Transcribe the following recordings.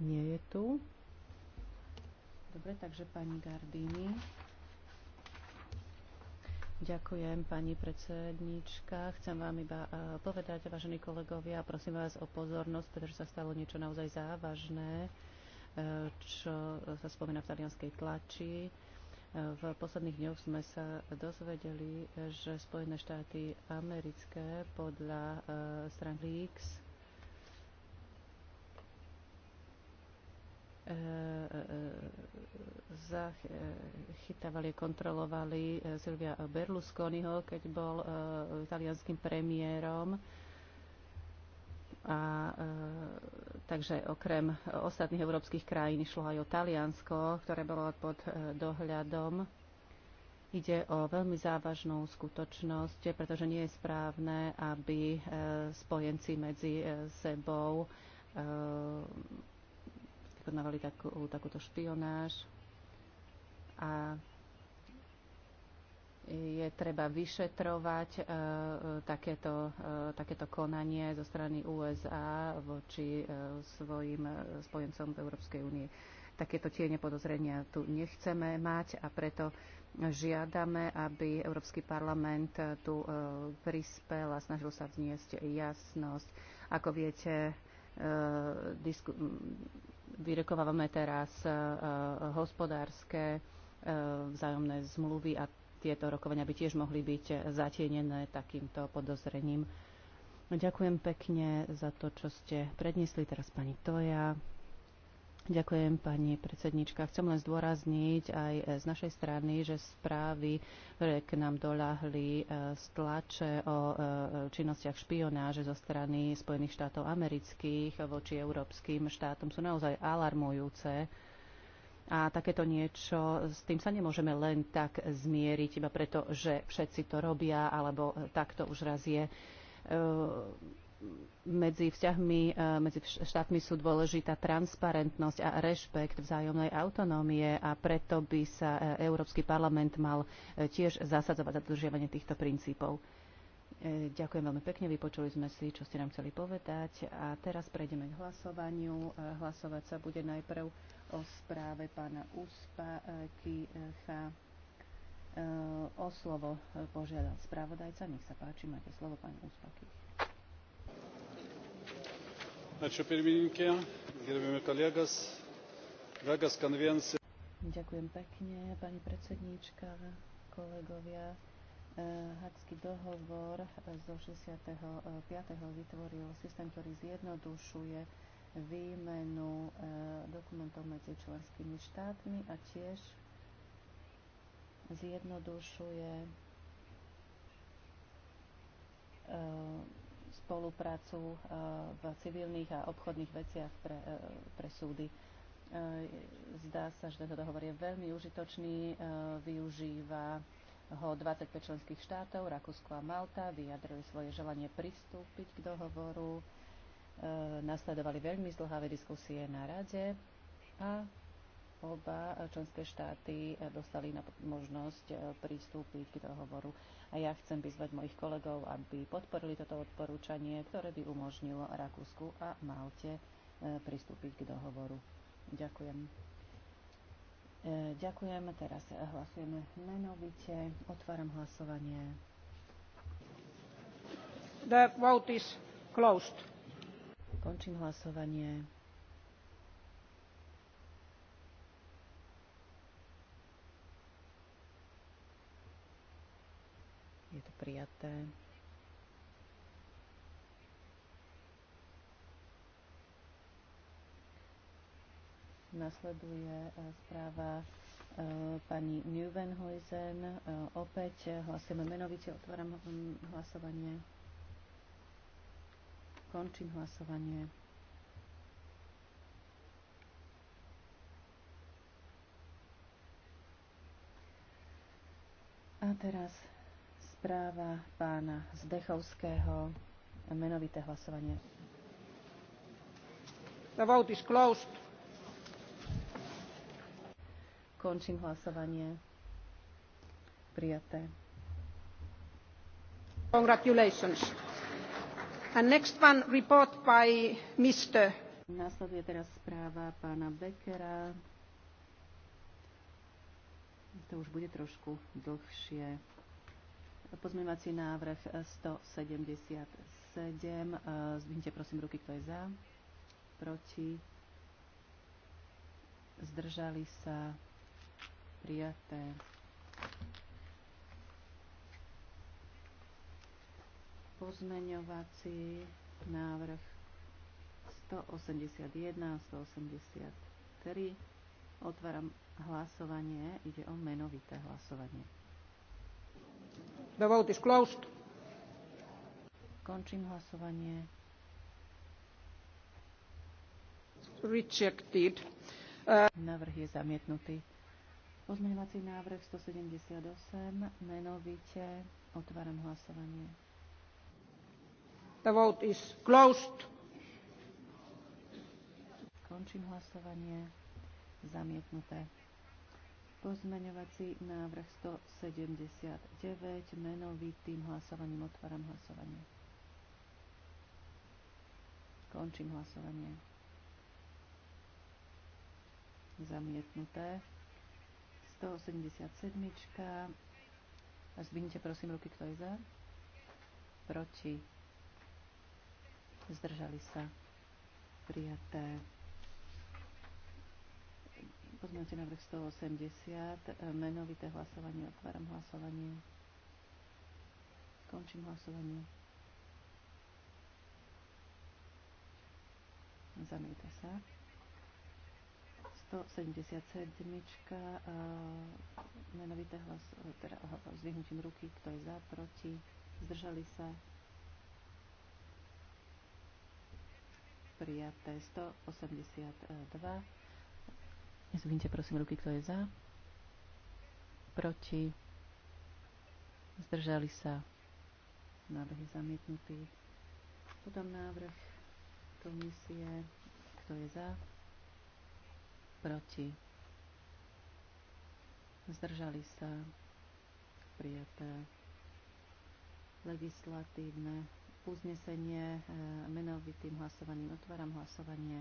Nie je tu. Dobre, takže pani Gardini. Ďakujem, pani predsednička. Chcem vám iba eh, povedať, vážení kolegovia, prosím vás o pozornosť, pretože sa stalo niečo naozaj závažné, eh, čo sa spomína v talianskej tlači. Eh, v posledných dňoch sme sa dozvedeli, že Spojené štáty americké podľa stran Leaks zachytávali, kontrolovali eh, Silvia Berlusconiho, keď bol eh, italianským premiérom. A, e, takže okrem ostatných európskych krajín išlo aj o Taliansko, ktoré bolo pod e, dohľadom. Ide o veľmi závažnú skutočnosť, pretože nie je správne, aby e, spojenci medzi e, sebou e, vykonávali takú, takúto špionáž a je treba vyšetrovať uh, takéto, uh, takéto konanie zo strany USA voči uh, svojim spojencom v Európskej únie. Takéto tiene podozrenia tu nechceme mať a preto žiadame, aby Európsky parlament tu prispel a snažil sa vzniesť jasnosť. Ako viete, disku, Vyrekovávame teraz e, e, hospodárske e, vzájomné zmluvy a tieto rokovania by tiež mohli byť zatienené takýmto podozrením. Ďakujem pekne za to, čo ste predniesli teraz pani Toja. Ďakujem, pani predsednička. Chcem len zdôrazniť aj z našej strany, že správy, ktoré k nám doľahli z e, tlače o e, činnostiach špionáže zo strany Spojených štátov amerických voči európskym štátom, sú naozaj alarmujúce. A takéto niečo, s tým sa nemôžeme len tak zmieriť, iba preto, že všetci to robia, alebo takto už raz je e, medzi vzťahmi e, medzi štátmi sú dôležitá transparentnosť a rešpekt vzájomnej autonómie a preto by sa e, Európsky parlament mal e, tiež zasadzovať za dodržiavanie týchto princípov. Ďakujem veľmi pekne, vypočuli sme si, čo ste nám chceli povedať a teraz prejdeme k hlasovaniu. Hlasovať sa bude najprv o správe pána Uspa Kicha. O slovo požiadal spravodajca. Nech sa páči, máte slovo, pán Uspakich. Ďakujem pekne, pani predsedníčka, kolegovia. E, Hakský dohovor zo 65. vytvoril systém, ktorý zjednodušuje výmenu e, dokumentov medzi členskými štátmi a tiež zjednodušuje e, spoluprácu e, v civilných a obchodných veciach pre, e, pre súdy. E, zdá sa, že tento dohovor je veľmi užitočný, využíva ho 25 členských štátov, Rakúsko a Malta, vyjadrili svoje želanie pristúpiť k dohovoru, nasledovali veľmi zdlhavé diskusie na rade a oba členské štáty dostali na možnosť eh, pristúpiť k dohovoru. A ja chcem vyzvať mojich kolegov, aby podporili toto odporúčanie, ktoré by umožnilo Rakúsku a Malte eh, pristúpiť k dohovoru. Ďakujem. Eh, ďakujem. Teraz hlasujeme menovite. Otváram hlasovanie. The vote is closed. Končím hlasovanie. prijaté. Nasleduje e, správa e, pani Neuvenhuizen. E, opäť hlasujeme menovite, otváram hlasovanie. Končím hlasovanie. A teraz správa pána Zdechovského, menovité hlasovanie. The vote is closed. Končím hlasovanie. Prijaté. Congratulations. And next one report by Mr. Nasleduje teraz správa pána Beckera. To už bude trošku dlhšie. Pozmeňovací návrh 177. E, Zdvihnite prosím ruky, kto je za. Proti. Zdržali sa. Prijaté. Pozmeňovací návrh 181 a 183. Otváram hlasovanie. Ide o menovité hlasovanie. The vote is closed. Končím hlasovanie. Rejected. Uh... Návrh je zamietnutý. Pozmeňovací návrh 178, menovite otváram hlasovanie. The vote is closed. Končím hlasovanie. Zamietnuté. Pozmeňovací návrh 179, menovitým hlasovaním otváram hlasovanie. Končím hlasovanie. Zamietnuté. 187. A zvinite prosím ruky, kto je za. Proti. Zdržali sa. Prijaté pozmeňujúci návrh 180, e, menovité hlasovanie, otváram hlasovanie. Končím hlasovanie. Zamieta sa. 177. E, menovité hlas, e, teda zdvihnutím ruky, kto je za, proti, zdržali sa. Prijaté 182 Zvihnite prosím ruky, kto je za. Proti. Zdržali sa. Návrh je zamietnutý. Potom návrh komisie. Kto je za? Proti. Zdržali sa. Prijaté. Legislatívne uznesenie e, menovitým hlasovaním. Otváram hlasovanie.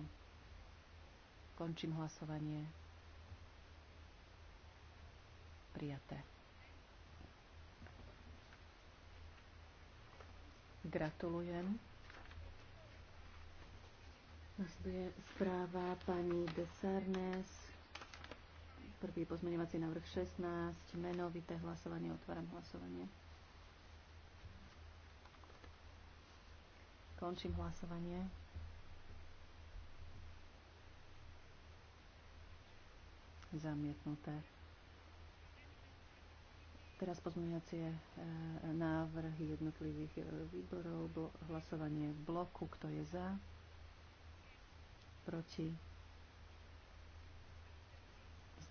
Končím hlasovanie prijaté. Gratulujem. Nasleduje správa pani Desarnes. Prvý pozmeňovací návrh 16. Menovité hlasovanie. Otváram hlasovanie. Končím hlasovanie. Zamietnuté. Teraz pozmeňovacie e, návrhy jednotlivých e, výborov, hlasovanie v bloku, kto je za, proti,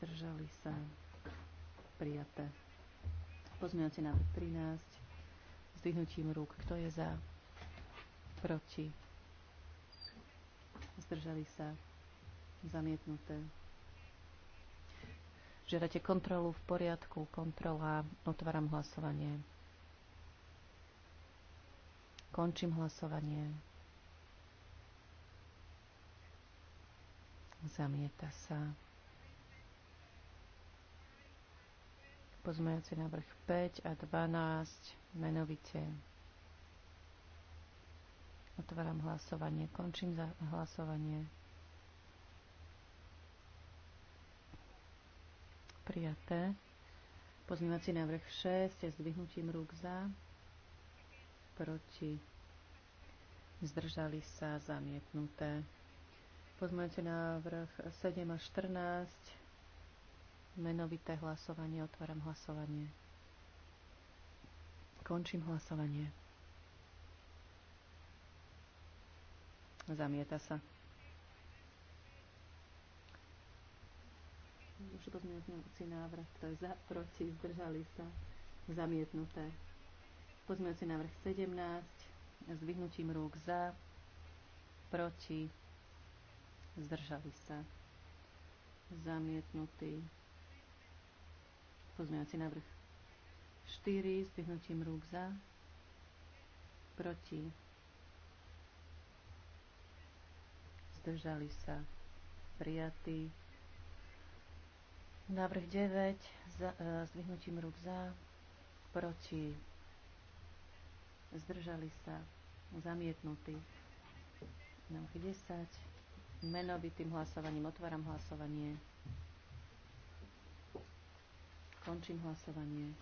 zdržali sa, prijaté. Pozmeňovací návrh 13, zdvihnutím rúk, kto je za, proti, zdržali sa, zamietnuté. Žiadate kontrolu v poriadku, kontrola, otváram hlasovanie. Končím hlasovanie. Zamieta sa. Pozmejúci návrh 5 a 12 menovite. Otváram hlasovanie. Končím za hlasovanie. prijaté. Pozmývací návrh 6 je zdvihnutím rúk za, proti, zdržali sa zamietnuté. Pozmývací návrh 7 a 14, menovité hlasovanie, otváram hlasovanie. Končím hlasovanie. Zamieta sa. Už pozmeňujúci návrh, kto je za, proti, zdržali sa, zamietnuté. Pozmeňujúci návrh 17, vyhnutím rúk za, proti, zdržali sa, zamietnutý. Pozmeňujúci návrh 4, vyhnutím rúk za, proti, zdržali sa, prijatý. Návrh 9 e, zdvihnutím rúk za, proti, zdržali sa, zamietnutý. Návrh 10, menovitým hlasovaním otváram hlasovanie. Končím hlasovanie.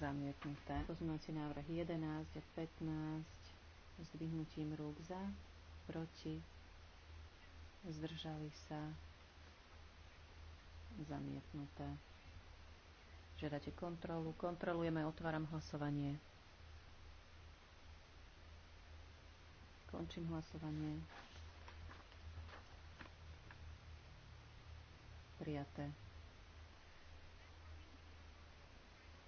Zamietnuté. Pozmeňujúci návrh 11 a 15 zdvihnutím rúk za, proti, zdržali sa, zamietnuté. Žiadate kontrolu. Kontrolujeme, otváram hlasovanie. Končím hlasovanie. Prijaté.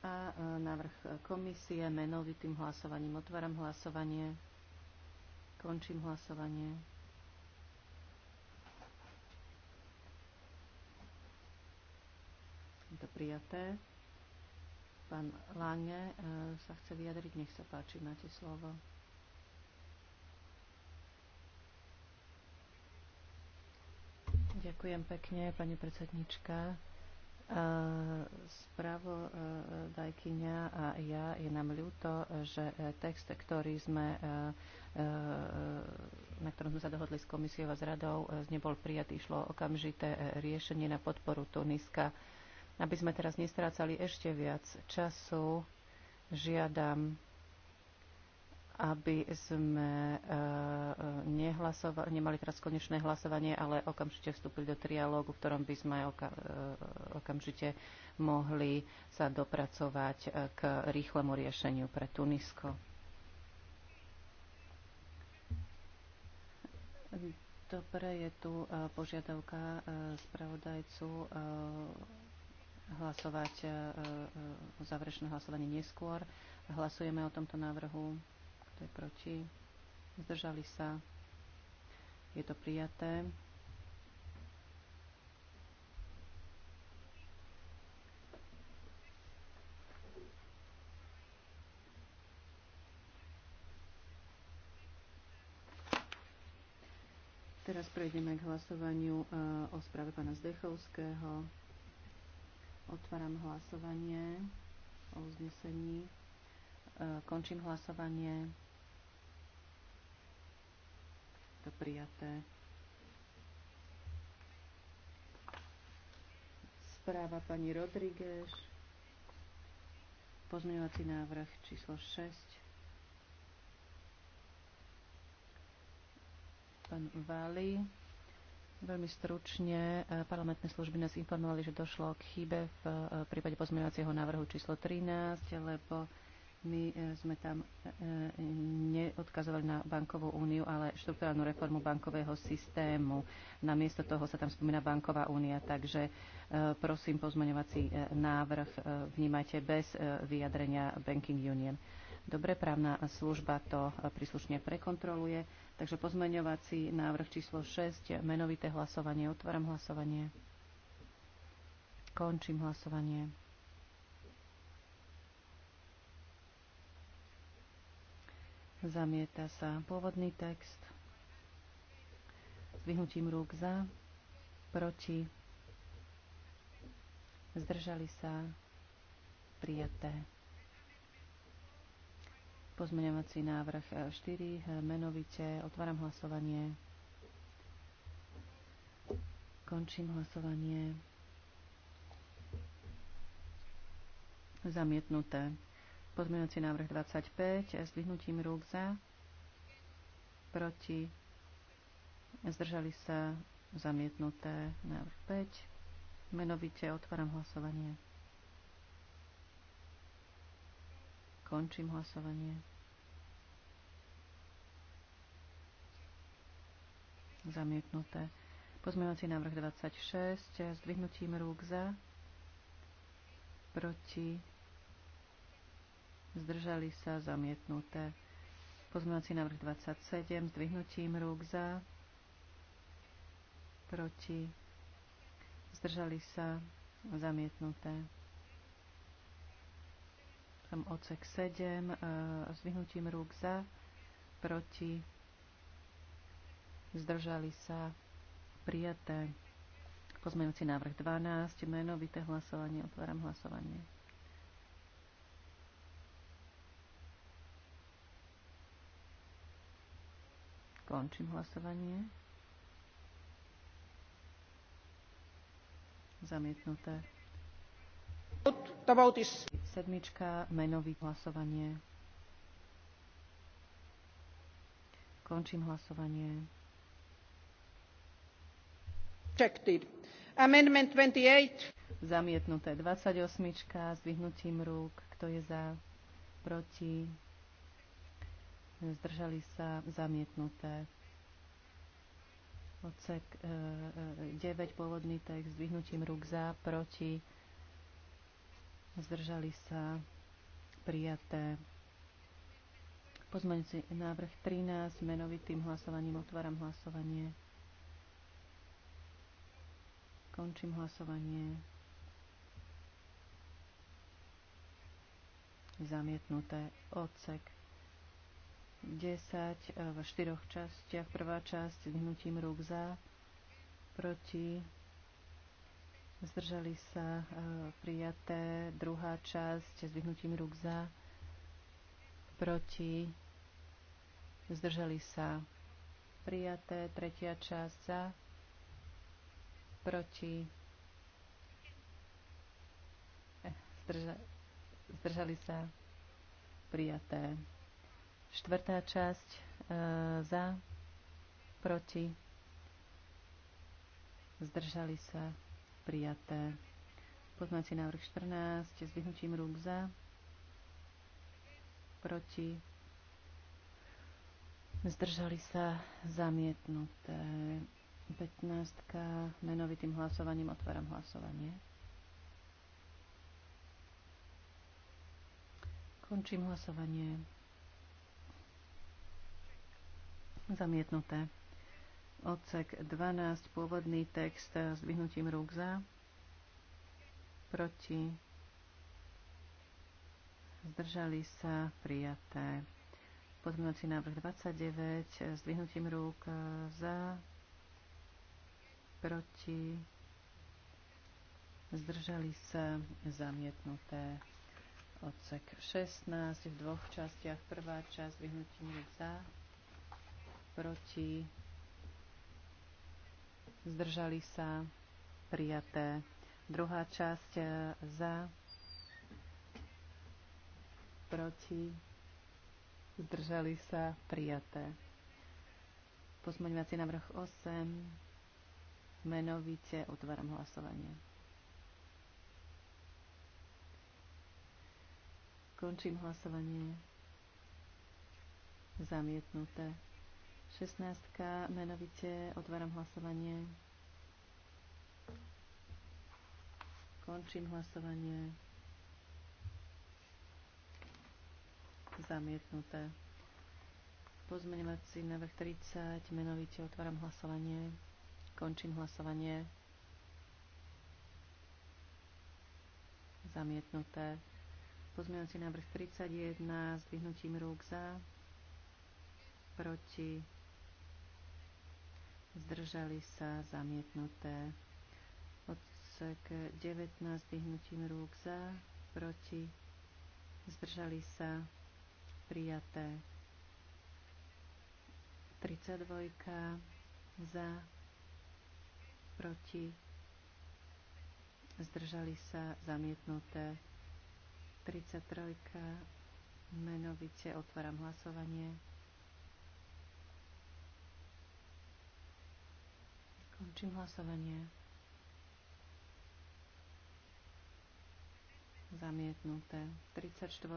A e, návrh komisie menovitým hlasovaním. Otváram hlasovanie. Končím hlasovanie. to prijaté. Pán Lange e, sa chce vyjadriť, nech sa páči, máte slovo. Ďakujem pekne, pani predsednička e, e, Dajkyňa a ja je nám ľúto, že text, ktorý sme, na ktorom sme sa dohodli s komisiou a s radou, nebol prijatý. Išlo okamžité riešenie na podporu Tuniska. Aby sme teraz nestrácali ešte viac času, žiadam, aby sme eh, nemali teraz konečné hlasovanie, ale okamžite vstúpili do trialógu, v ktorom by sme eh, okamžite mohli sa dopracovať eh, k rýchlemu riešeniu pre Tunisko. Dobre, je tu požiadavka spravodajcu hlasovať o e, e, záverečnom hlasovaní neskôr. Hlasujeme o tomto návrhu. Kto je proti? Zdržali sa? Je to prijaté. Teraz prejdeme k hlasovaniu e, o správe pána Zdechovského. Otváram hlasovanie o uznesení. E, končím hlasovanie. To prijaté. Správa pani Rodríguez. Pozmeňovací návrh číslo 6. Pán Vali. Veľmi stručne, e, parlamentné služby nás informovali, že došlo k chybe v e, prípade pozmeňovacieho návrhu číslo 13, lebo my e, sme tam neodkazovali na bankovú úniu, ale štruktúrálnu reformu bankového systému. Namiesto toho sa tam spomína banková únia, takže prosím pozmeňovací návrh vnímajte bez vyjadrenia Banking Union. Dobre, právna služba to príslušne prekontroluje. Takže pozmeňovací návrh číslo 6, menovité hlasovanie. Otváram hlasovanie. Končím hlasovanie. Zamieta sa pôvodný text. Vyhnutím rúk za, proti, zdržali sa, prijaté. Pozmeňovací návrh 4, e, e, menovite. Otváram hlasovanie. Končím hlasovanie. Zamietnuté. Pozmeňovací návrh 25. E, Zdvihnutím rúk za. Proti. Zdržali sa. Zamietnuté. Návrh 5. Menovite otváram hlasovanie. Končím hlasovanie. Zamietnuté. Pozmeňovací návrh 26. Zdvihnutím rúk za. Proti. Zdržali sa. Zamietnuté. Pozmeňovací návrh 27. Zdvihnutím rúk za. Proti. Zdržali sa. Zamietnuté. Tam odsek 7 e, s vyhnutím rúk za, proti, zdržali sa, prijaté. Pozmejúci návrh 12, menovité hlasovanie, otváram hlasovanie. Končím hlasovanie. Zamietnuté. Sedmička, menový hlasovanie. Končím hlasovanie. Rejected. Amendment 28. Zamietnuté 28. Zdvihnutím rúk. Kto je za? Proti? Zdržali sa? Zamietnuté. Odsek e, eh, 9. Eh, pôvodný text. Zdvihnutím rúk za? Proti? zdržali sa, prijaté. Pozmeňujúci návrh 13, menovitým hlasovaním otváram hlasovanie. Končím hlasovanie. Zamietnuté odsek 10 eh, v štyroch častiach. Prvá časť vyhnutím rúk za, proti, Zdržali sa e, prijaté. Druhá časť s vyhnutím rúk za. Proti. Zdržali sa prijaté. Tretia časť za. Proti. Eh, zdrža- zdržali sa prijaté. Štvrtá časť e, za. Proti. Zdržali sa prijaté. Poznáte návrh 14 s vyhnutím rúk za, proti, zdržali sa zamietnuté. 15. Menovitým hlasovaním otváram hlasovanie. Končím hlasovanie. Zamietnuté. Odsek 12, pôvodný text eh, s vyhnutím rúk za, proti, zdržali sa, prijaté. Pozmeňovací návrh 29 eh, s vyhnutím rúk eh, za, proti, zdržali sa, zamietnuté. Odsek 16 v dvoch častiach. Prvá časť vyhnutím rúk za, proti, zdržali sa, prijaté. Druhá časť e, za, proti, zdržali sa, prijaté. Pozmeňovací návrh 8, menovite otváram hlasovanie. Končím hlasovanie. Zamietnuté. 16. Menovite otváram hlasovanie. Končím hlasovanie. Zamietnuté. Pozmeňovací návrh 30. Menovite otváram hlasovanie. Končím hlasovanie. Zamietnuté. Pozmeňovací návrh 31. Zdvihnutím rúk za. Proti zdržali sa, zamietnuté. Odsek 19, vyhnutím rúk za, proti, zdržali sa, prijaté. 32 za, proti, zdržali sa, zamietnuté. 33 menovite otváram hlasovanie. Končím hlasovanie. Zamietnuté. 34.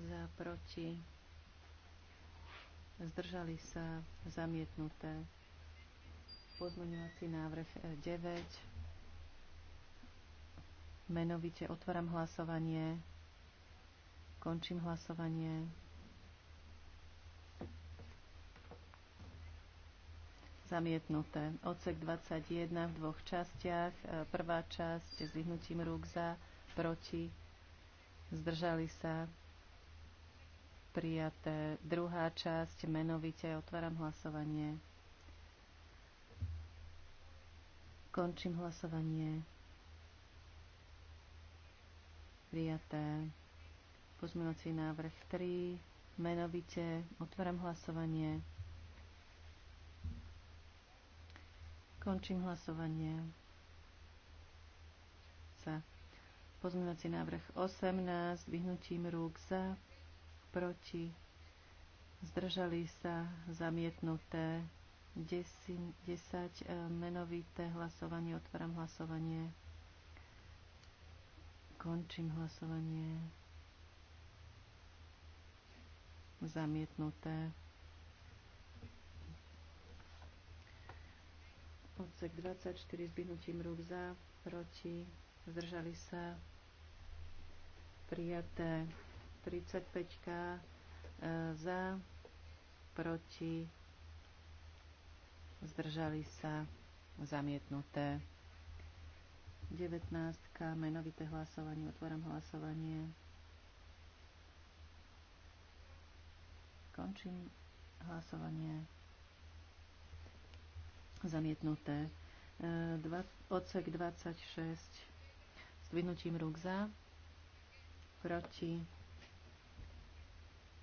Za, proti. Zdržali sa. Zamietnuté. Pozmeňovací návrh 9. Eh, Menovite otváram hlasovanie. Končím hlasovanie. zamietnuté. Odsek 21 v dvoch častiach. E, prvá časť s vyhnutím rúk za, proti, zdržali sa, prijaté. Druhá časť, menovite, otváram hlasovanie. Končím hlasovanie. Prijaté. Pozmenovací návrh 3. Menovite otváram hlasovanie. Končím hlasovanie. Za. Pozmeňovací návrh 18. Vyhnutím rúk za. Proti. Zdržali sa. Zamietnuté. 10, 10 e, menovité hlasovanie. Otváram hlasovanie. Končím hlasovanie. Zamietnuté. Odsek 24 s vyhnutím rúk za, proti, zdržali sa, prijaté. 35 e, za, proti, zdržali sa, zamietnuté. 19. Menovité hlasovanie. Otváram hlasovanie. Končím hlasovanie. Zamietnuté. E, dva, odsek 26 Zdvihnutím rúk za, proti,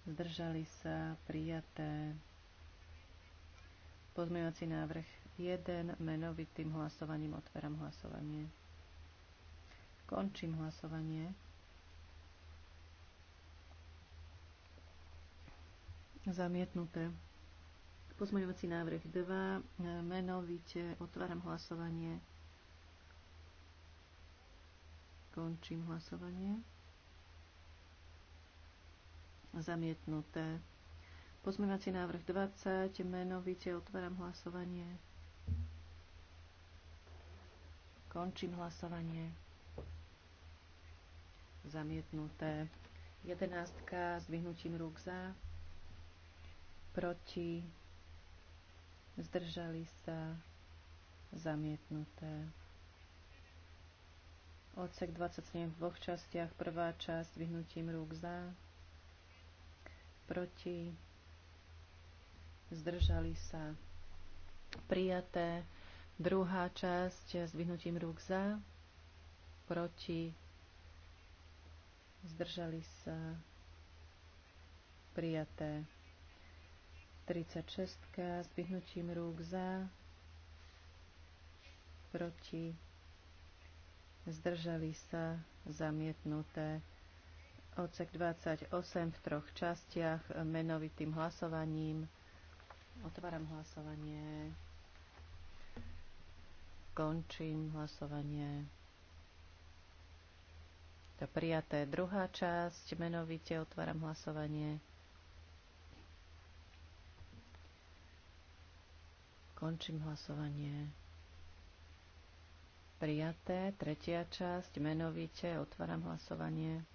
zdržali sa, prijaté. Pozmeňovací návrh 1 menovitým hlasovaním otváram hlasovanie. Končím hlasovanie. Zamietnuté. Pozmeňovací návrh 2. E, menovite otváram hlasovanie. Končím hlasovanie. Zamietnuté. Pozmeňovací návrh 20. Menovite otváram hlasovanie. Končím hlasovanie. Zamietnuté. 11. Zdvihnutím rúk za. Proti zdržali sa, zamietnuté. Odsek 27 v dvoch častiach. Prvá časť vyhnutím rúk za, proti, zdržali sa, prijaté. Druhá časť s vyhnutím rúk za, proti, zdržali sa, prijaté. 36 s vyhnutím rúk za, proti, zdržali sa, zamietnuté. Odsek 28 v troch častiach menovitým hlasovaním. Otváram hlasovanie. Končím hlasovanie. To prijaté druhá časť, menovite otváram hlasovanie. Končím hlasovanie. Prijaté. Tretia časť. Menovite. Otváram hlasovanie.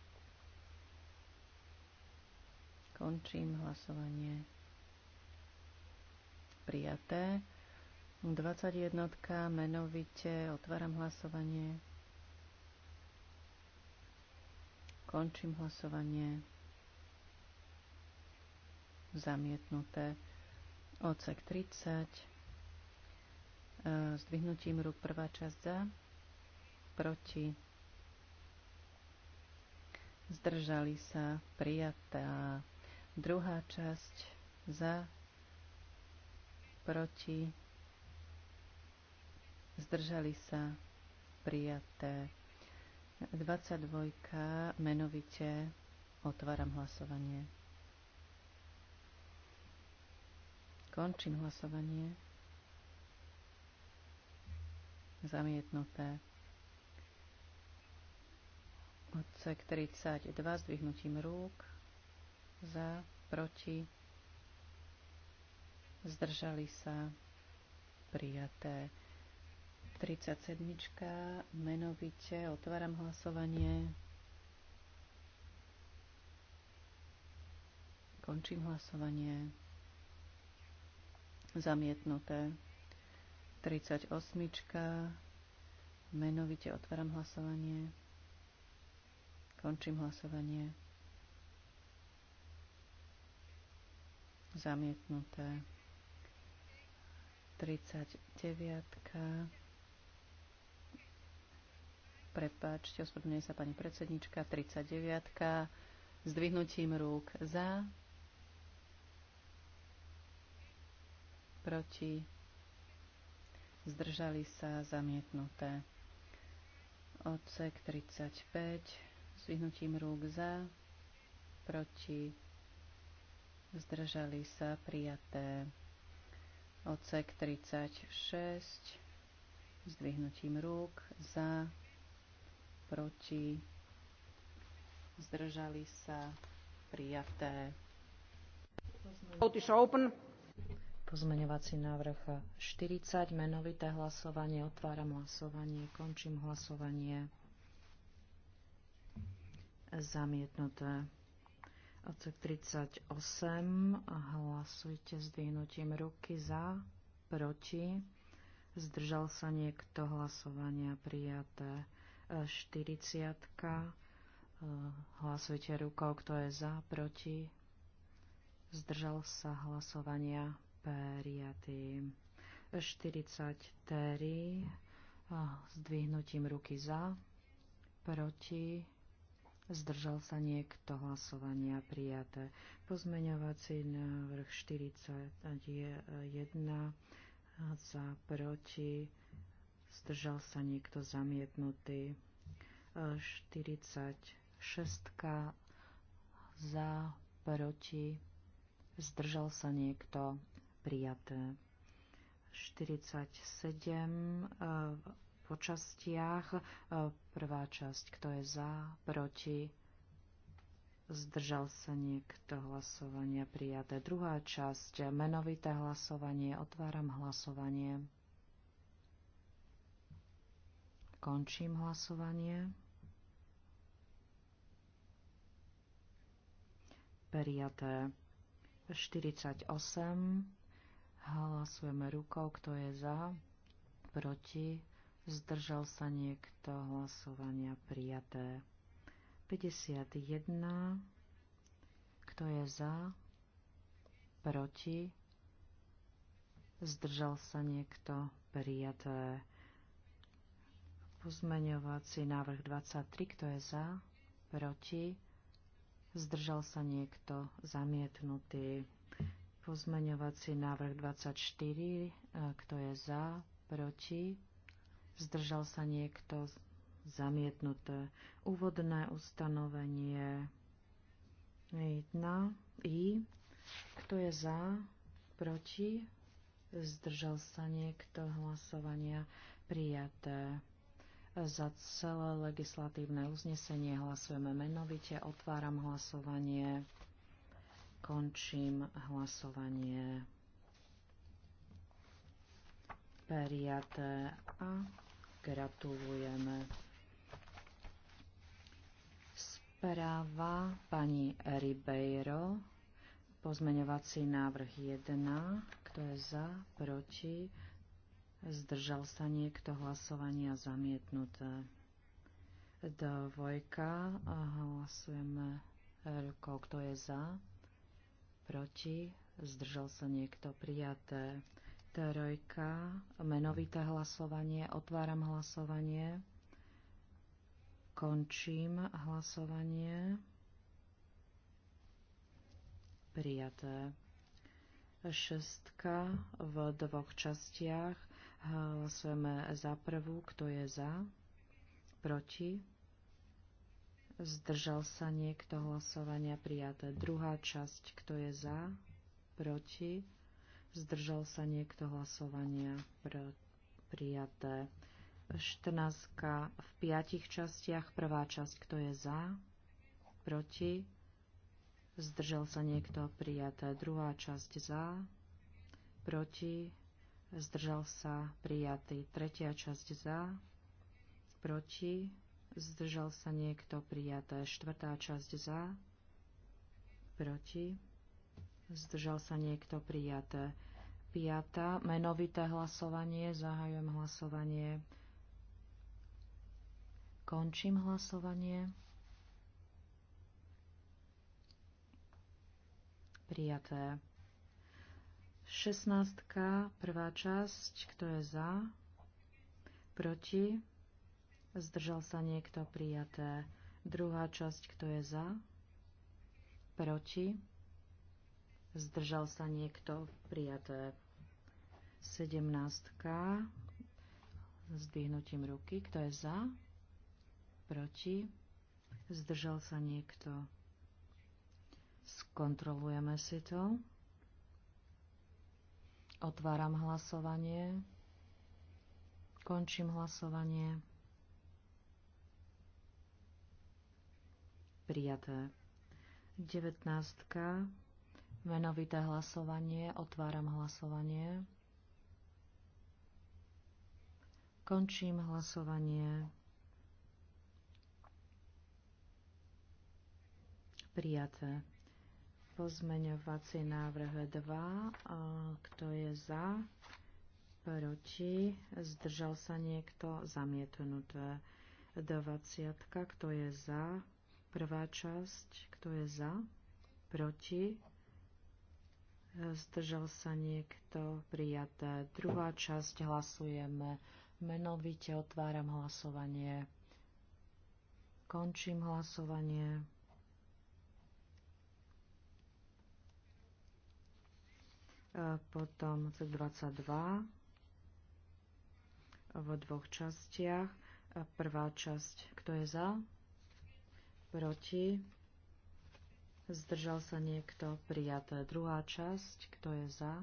Končím hlasovanie. Prijaté. 21. Menovite. Otváram hlasovanie. Končím hlasovanie. Zamietnuté. Odsek 30. E, zdvihnutím rúk prvá časť za, proti, zdržali sa, prijatá. Druhá časť za, proti, zdržali sa, prijaté. 22. menovite otváram hlasovanie. Končím hlasovanie zamietnuté. Odsek 32 s dvihnutím rúk, za, proti, zdržali sa, prijaté. 37. menovite, otváram hlasovanie. Končím hlasovanie. Zamietnuté. 38. Menovite otváram hlasovanie. Končím hlasovanie. Zamietnuté. 39. Prepáčte, ospravedlňuje sa pani predsednička. 39. Zdvihnutím rúk za. Proti zdržali sa zamietnuté. Odsek 35 s vyhnutím rúk za, proti, zdržali sa prijaté. Odsek 36 s rúk za, proti, zdržali sa prijaté. Vote is open. Pozmeňovací návrh 40, menovité hlasovanie, otváram hlasovanie, končím hlasovanie. Zamietnuté. Odsek 38, hlasujte s dvihnutím ruky za, proti. Zdržal sa niekto hlasovania prijaté. 40, hlasujte rukou, kto je za, proti. Zdržal sa hlasovania prijaté prijatý. 43 zdvihnutím ruky za, proti, zdržal sa niekto hlasovania prijaté. Pozmeňovací návrh 41 za, proti, zdržal sa niekto zamietnutý. 46 za, proti, zdržal sa niekto prijaté. 47 e, po častiach. E, prvá časť, kto je za, proti, zdržal sa niekto hlasovania prijaté. Druhá časť, menovité hlasovanie, otváram hlasovanie. Končím hlasovanie. Prijaté 48. Hlasujeme rukou, kto je za, proti, zdržal sa niekto hlasovania prijaté. 51. Kto je za, proti, zdržal sa niekto prijaté. Pozmeňovací návrh 23, kto je za, proti, zdržal sa niekto zamietnutý. Pozmeňovací návrh 24. E, kto je za? Proti? Zdržal sa niekto? Zamietnuté. Úvodné ustanovenie 1. I. Kto je za? Proti? Zdržal sa niekto? Hlasovania prijaté. Za celé legislatívne uznesenie hlasujeme menovite. Otváram hlasovanie. Končím hlasovanie. periaté a gratulujeme. Správa pani Ribeiro. Pozmeňovací návrh 1. Kto je za? Proti? Zdržal sa niekto hlasovania zamietnuté. Dvojka. Hlasujeme rukou. Kto je za? proti, zdržal sa niekto prijaté. Trojka, menovité hlasovanie, otváram hlasovanie, končím hlasovanie, prijaté. Šestka v dvoch častiach, hlasujeme za prvú, kto je za, proti, Zdržal sa niekto hlasovania prijaté. Druhá časť, kto je za, proti. Zdržal sa niekto hlasovania pr- prijaté. 14 v piatich častiach. Prvá časť, kto je za, proti. Zdržal sa niekto prijaté. Druhá časť za, proti. Zdržal sa prijatý. Tretia časť za, proti Zdržal sa niekto prijaté. Štvrtá časť za. Proti. Zdržal sa niekto prijaté. Piatá. Menovité hlasovanie. Zahajujem hlasovanie. Končím hlasovanie. Prijaté. Šestnáctka. Prvá časť. Kto je za? Proti? Zdržal sa niekto prijaté. Druhá časť, kto je za? Proti? Zdržal sa niekto prijaté. Sedemnáctka. Zdvihnutím ruky. Kto je za? Proti? Zdržal sa niekto. Skontrolujeme si to. Otváram hlasovanie. Končím hlasovanie. Prijaté. 19. Menovité hlasovanie. Otváram hlasovanie. Končím hlasovanie. Prijaté. Pozmeňovací návrh 2. Kto je za? Proti? Zdržal sa niekto? Zamietnuté. 20. Kto je za? Prvá časť, kto je za, proti, zdržal sa niekto, prijaté. Druhá časť, hlasujeme menovite, otváram hlasovanie, končím hlasovanie. E, potom 22 vo dvoch častiach. E, prvá časť, kto je za? proti, zdržal sa niekto, prijaté. Druhá časť, kto je za,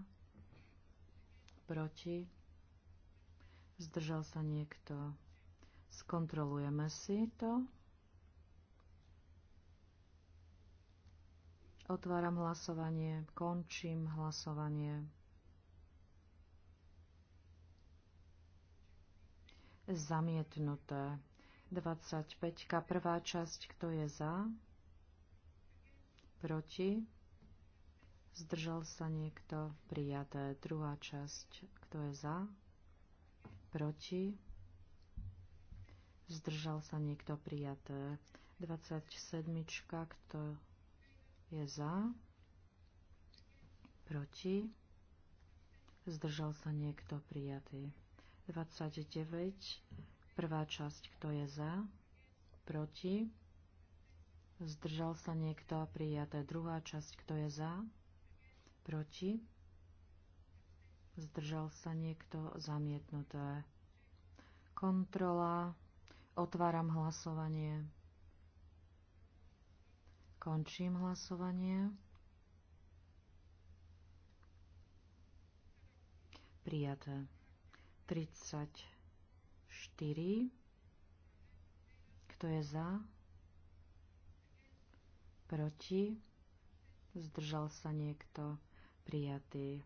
proti, zdržal sa niekto. Skontrolujeme si to. Otváram hlasovanie, končím hlasovanie. Zamietnuté. 25. Prvá časť, kto je za? Proti? Zdržal sa niekto? Prijaté. Druhá časť, kto je za? Proti? Zdržal sa niekto? Prijaté. 27. Kto je za? Proti? Zdržal sa niekto? Prijatý. 29 Prvá časť, kto je za, proti, zdržal sa niekto, prijaté. Druhá časť, kto je za, proti, zdržal sa niekto, zamietnuté. Kontrola, otváram hlasovanie. Končím hlasovanie. Prijaté. 30 4. Kto je za? Proti? Zdržal sa niekto? Prijatý.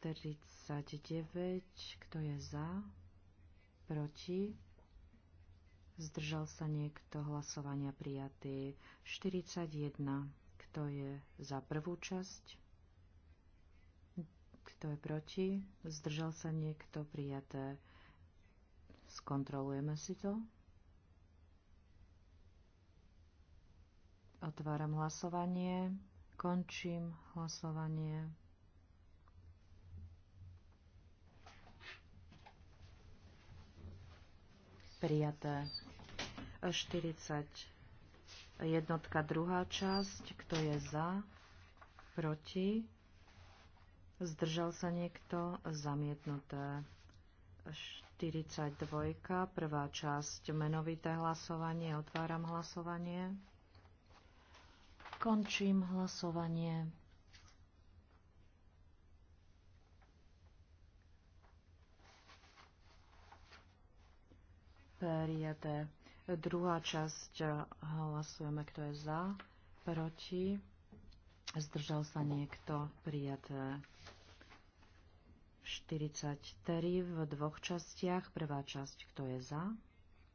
39. Kto je za? Proti? Zdržal sa niekto? Hlasovania prijatý. 41. Kto je za prvú časť? Kto je proti? Zdržal sa niekto? Prijaté. Skontrolujeme si to. Otváram hlasovanie. Končím hlasovanie. Prijaté. 40. Jednotka druhá časť. Kto je za? Proti? Zdržal sa niekto? Zamietnuté. 42, prvá časť, menovité hlasovanie. Otváram hlasovanie. Končím hlasovanie. Prijaté. Druhá časť hlasujeme, kto je za, proti. Zdržal sa niekto prijaté. 43 v dvoch častiach. Prvá časť, kto je za,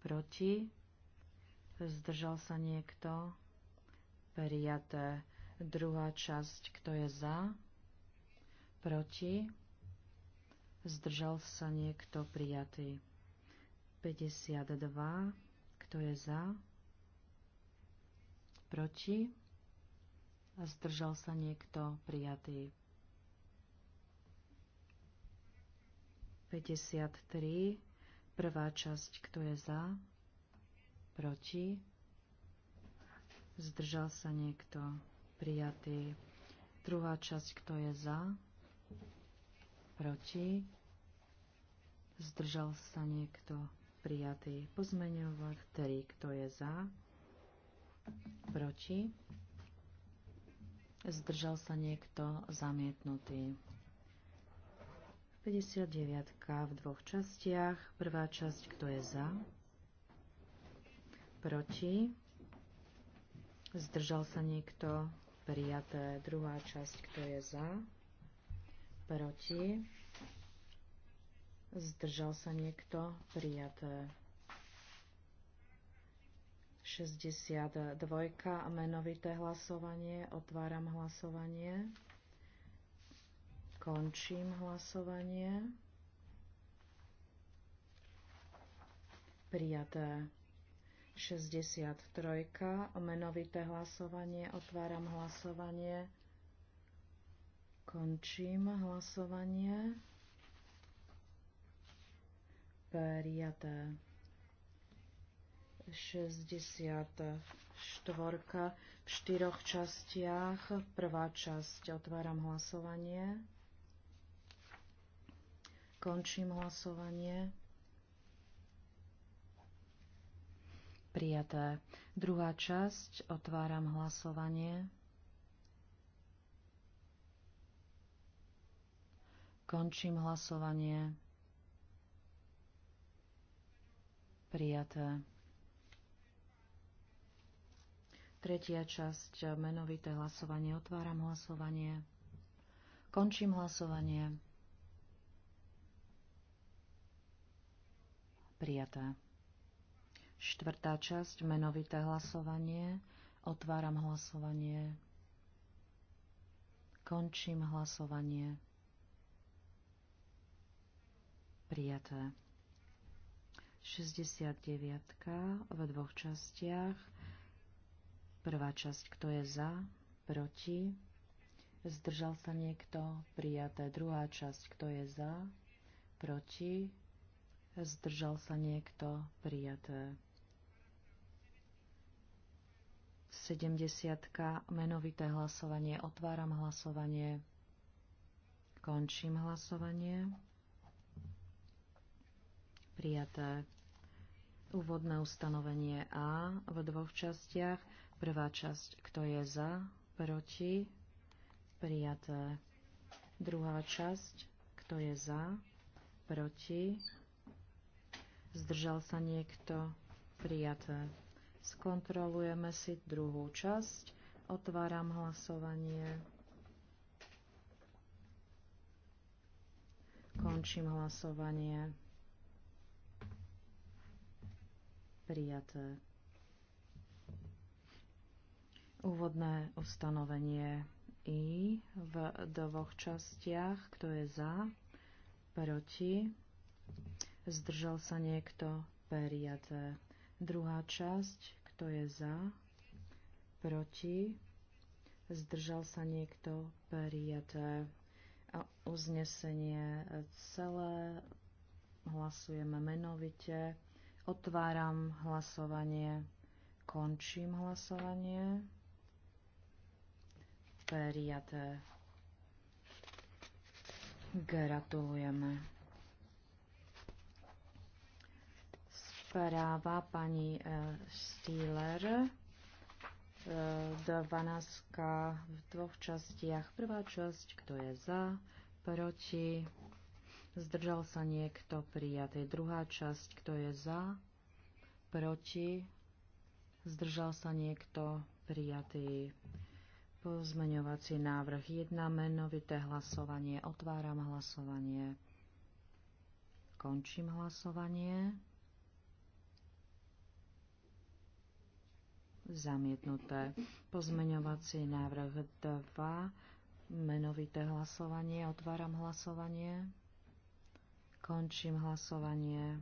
proti, zdržal sa niekto, prijaté. Druhá časť, kto je za, proti, zdržal sa niekto, prijatý. 52, kto je za, proti, zdržal sa niekto, prijatý. 53. Prvá časť, kto je za? Proti? Zdržal sa niekto? Prijatý. Druhá časť, kto je za? Proti? Zdržal sa niekto? Prijatý. Pozmeňovať ktorý, Kto je za? Proti? Zdržal sa niekto? Zamietnutý. 59 v dvoch častiach. Prvá časť, kto je za? Proti? Zdržal sa niekto? Prijaté. Druhá časť, kto je za? Proti? Zdržal sa niekto? Prijaté. 62. Menovité hlasovanie. Otváram hlasovanie. Končím hlasovanie. Prijaté. 63. Menovité hlasovanie. Otváram hlasovanie. Končím hlasovanie. Prijaté. 64. V štyroch častiach. Prvá časť. Otváram hlasovanie. Končím hlasovanie. Prijaté. Druhá časť. Otváram hlasovanie. Končím hlasovanie. Prijaté. Tretia časť. Menovité hlasovanie. Otváram hlasovanie. Končím hlasovanie. Prijaté. Štvrtá časť, menovité hlasovanie. Otváram hlasovanie. Končím hlasovanie. Prijaté. 69 v dvoch častiach. Prvá časť, kto je za, proti. Zdržal sa niekto, prijaté. Druhá časť, kto je za, proti Zdržal sa niekto? Prijaté. 70. Menovité hlasovanie. Otváram hlasovanie. Končím hlasovanie. Prijaté. Úvodné ustanovenie A v dvoch častiach. Prvá časť, kto je za, proti, prijaté. Druhá časť, kto je za, proti, zdržal sa niekto, prijaté. Skontrolujeme si druhú časť, otváram hlasovanie. Končím hlasovanie. Prijaté. Úvodné ustanovenie I v dvoch častiach. Kto je za? Proti? zdržal sa niekto, periaté. Druhá časť, kto je za, proti, zdržal sa niekto, periaté. A uznesenie celé hlasujeme menovite. Otváram hlasovanie. Končím hlasovanie. Prijaté. Gratulujeme. správa pani e, Stieler. 12 e, v dvoch častiach. Prvá časť, kto je za, proti, zdržal sa niekto prijatý. Druhá časť, kto je za, proti, zdržal sa niekto prijatý. Pozmeňovací návrh Jedna menovité hlasovanie. Otváram hlasovanie. Končím hlasovanie. zamietnuté. Pozmeňovací návrh 2, menovité hlasovanie, otváram hlasovanie, končím hlasovanie.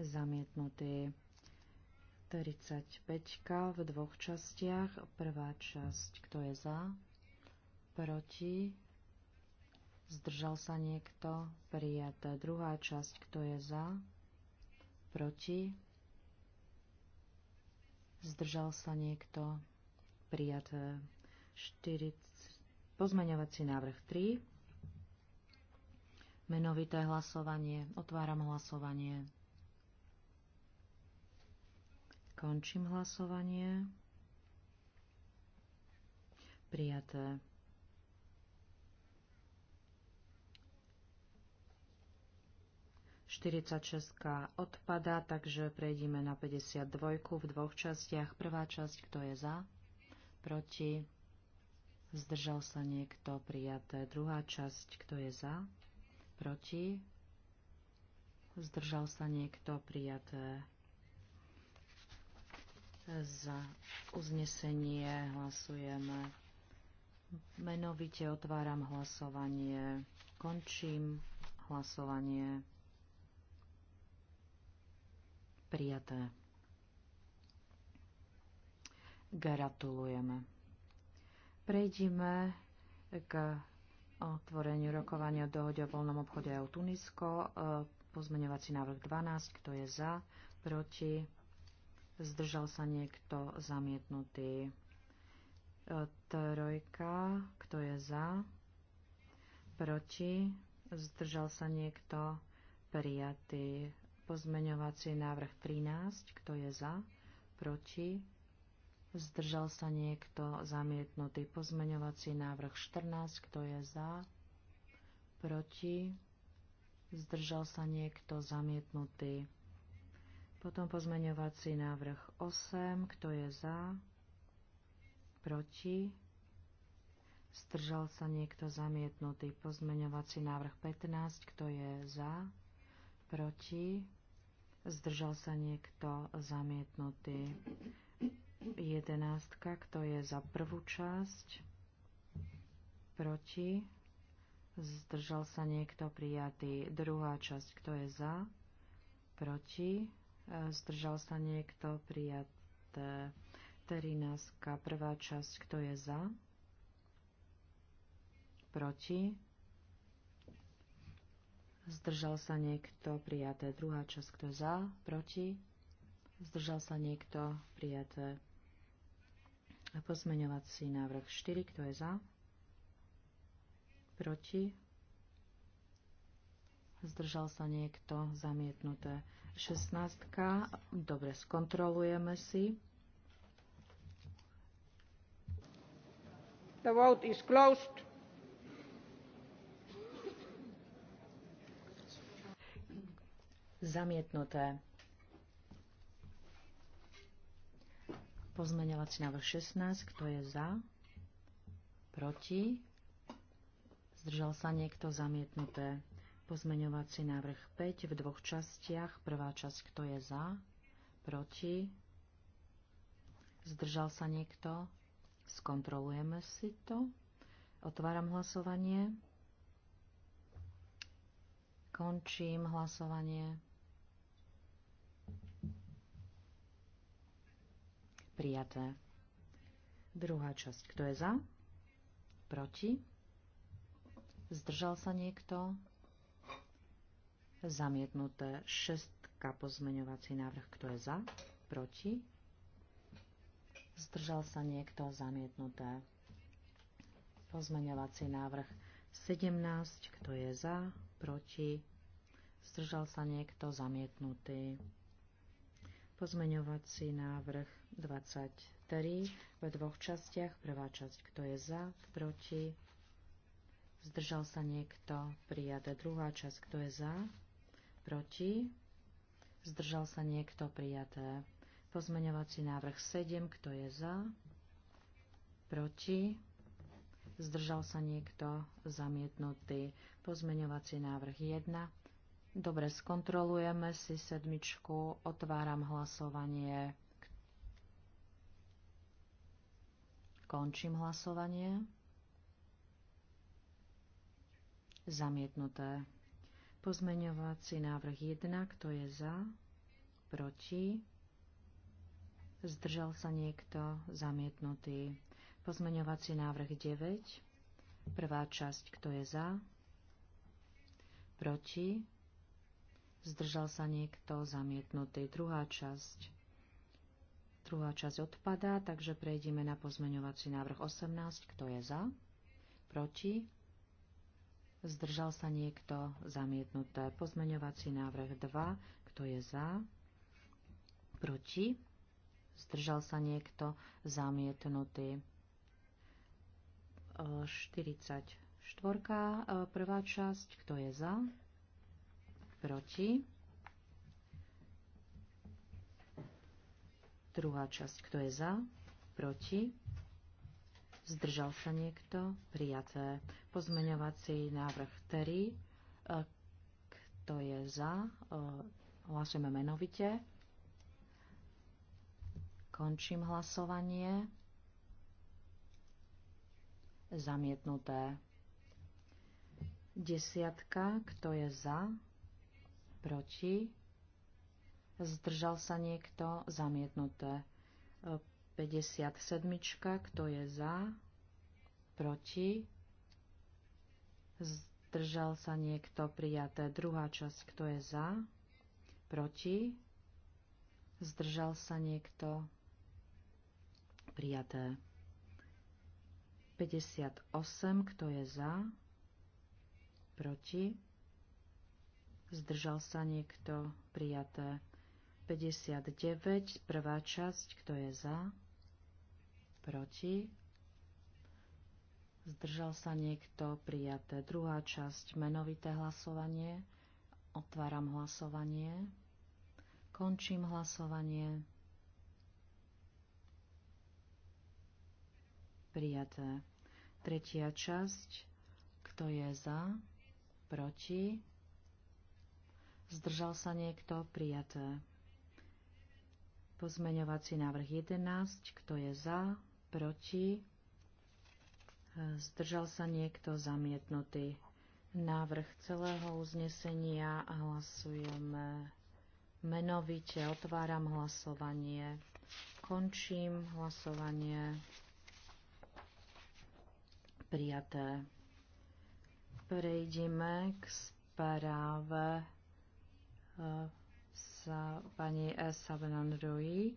Zamietnutý 35 v dvoch častiach. Prvá časť, kto je za, proti, zdržal sa niekto, prijaté. Druhá časť, kto je za, Proti? Zdržal sa niekto? Prijaté. 40. Pozmeňovací návrh 3. Menovité hlasovanie. Otváram hlasovanie. Končím hlasovanie. Prijaté. 46 odpada, takže prejdeme na 52 v dvoch častiach. Prvá časť, kto je za, proti, zdržal sa niekto, prijaté. Druhá časť, kto je za, proti, zdržal sa niekto, prijaté. Za uznesenie hlasujeme. Menovite otváram hlasovanie. Končím hlasovanie. Prijaté. Gratulujeme. Prejdime k eh, otvoreniu rokovania o dohode o voľnom obchode EU Tunisko. Eh, pozmeňovací návrh 12. Kto je za? Proti? Zdržal sa niekto zamietnutý? Eh, trojka. Kto je za? Proti? Zdržal sa niekto? Prijatý. Pozmeňovací návrh 13. Kto je za? Proti? Zdržal sa niekto? Zamietnutý. Pozmeňovací návrh 14. Kto je za? Proti? Zdržal sa niekto? Zamietnutý. Potom pozmeňovací návrh 8. Kto je za? Proti? Zdržal sa niekto zamietnutý. Pozmeňovací návrh 15. Kto je za? Proti? zdržal sa niekto zamietnutý. Jedenástka, kto je za prvú časť, proti, zdržal sa niekto prijatý. Druhá časť, kto je za, proti, zdržal sa niekto prijaté. 13. Prvá časť, kto je za, proti, Zdržal sa niekto prijaté. Druhá časť, kto za, proti. Zdržal sa niekto prijaté. A pozmeňovací návrh 4, kto je za, proti. Zdržal sa niekto zamietnuté. 16. Dobre, skontrolujeme si. The vote is closed. Zamietnuté. Pozmeňovací návrh 16. Kto je za? Proti? Zdržal sa niekto? Zamietnuté. Pozmeňovací návrh 5 v dvoch častiach. Prvá časť, kto je za? Proti? Zdržal sa niekto? Skontrolujeme si to. Otváram hlasovanie. Končím hlasovanie. Prijaté. Druhá časť. Kto je za? Proti? Zdržal sa niekto? Zamietnuté. Šestka pozmeňovací návrh. Kto je za? Proti? Zdržal sa niekto? Zamietnuté. Pozmeňovací návrh 17. Kto je za? Proti? Zdržal sa niekto? Zamietnutý. Pozmeňovací návrh 23 ve dvoch častiach. Prvá časť, kto je za, proti, zdržal sa niekto, prijaté. Druhá časť, kto je za, proti, zdržal sa niekto, prijaté. Pozmeňovací návrh 7, kto je za, proti, zdržal sa niekto, zamietnutý. Pozmeňovací návrh 1, Dobre, skontrolujeme si sedmičku. Otváram hlasovanie. Končím hlasovanie. Zamietnuté. Pozmeňovací návrh 1. Kto je za? Proti? Zdržal sa niekto? Zamietnutý. Pozmeňovací návrh 9. Prvá časť. Kto je za? Proti? zdržal sa niekto, zamietnutý. Druhá časť. Druhá časť odpadá, takže prejdeme na pozmeňovací návrh 18. Kto je za? Proti? Zdržal sa niekto? Zamietnuté. Pozmeňovací návrh 2. Kto je za? Proti? Zdržal sa niekto? Zamietnutý. 44. Prvá časť. Kto je za? Proti. Druhá časť. Kto je za? Proti. Zdržal sa niekto? Prijaté. Pozmeňovací návrh 3. E, kto je za? E, hlasujeme menovite. Končím hlasovanie. Zamietnuté. Desiatka. Kto je za? proti, zdržal sa niekto, zamietnuté. 57. Kto je za, proti, zdržal sa niekto, prijaté. Druhá časť, kto je za, proti, zdržal sa niekto, prijaté. 58. Kto je za, proti, zdržal sa niekto, prijaté. 59, prvá časť, kto je za, proti, zdržal sa niekto, prijaté. Druhá časť, menovité hlasovanie, otváram hlasovanie, končím hlasovanie, prijaté. Tretia časť, kto je za, proti, Zdržal sa niekto? Prijaté. Pozmeňovací návrh 11. Kto je za? Proti? Zdržal sa niekto? Zamietnutý. Návrh celého uznesenia hlasujeme menovite. Otváram hlasovanie. Končím hlasovanie. Prijaté. Prejdime k správe za pani Sabenan Rui.